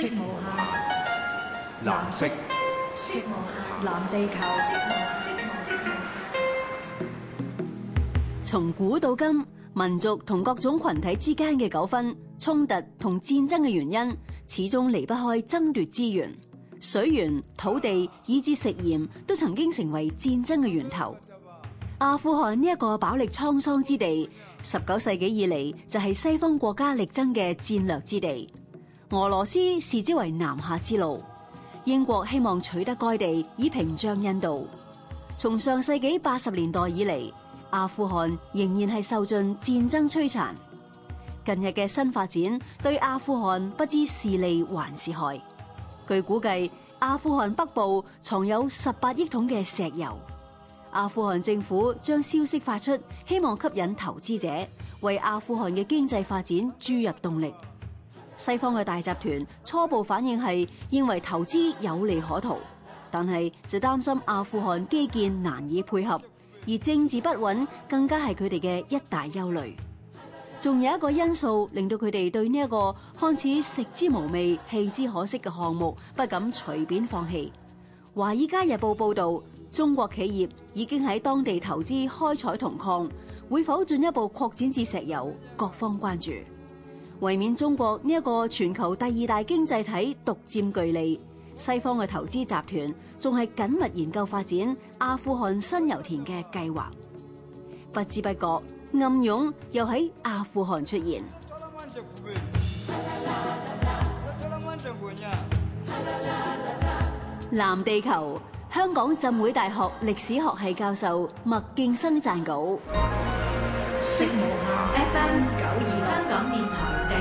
色藍色，色，色，色，藍地球。從古到今，民族同各種群體之間嘅糾紛、衝突同戰爭嘅原因，始終離不開爭奪資源、水源、土地，以至食鹽，都曾經成為戰爭嘅源頭。阿富汗呢一個飽歷滄桑之地，十九世紀以嚟就係、是、西方國家力爭嘅戰略之地。俄羅斯視之為南下之路，英國希望取得該地以屏障印度。從上世紀八十年代以來，阿富汗仍然係受盡戰爭摧殘。近日嘅新發展對阿富汗不知是利還是害。據估計，阿富汗北部藏有十八億桶嘅石油。阿富汗政府將消息發出，希望吸引投資者，為阿富汗嘅經濟發展注入動力。西方嘅大集團初步反應係認為投資有利可圖，但係就擔心阿富汗基建難以配合，而政治不穩更加係佢哋嘅一大憂慮。仲有一個因素令到佢哋對呢一個看似食之無味、棄之可惜嘅項目不敢隨便放棄。《華爾街日報》報導，中國企業已經喺當地投資開採銅礦，會否進一步擴展至石油？各方關注。為免中國呢一個全球第二大經濟體獨佔巨利，西方嘅投資集團仲係緊密研究發展阿富汗新油田嘅計劃。不知不覺，暗湧又喺阿富汗出現。藍地球，香港浸會大學歷史學系教授麥勁生撰稿。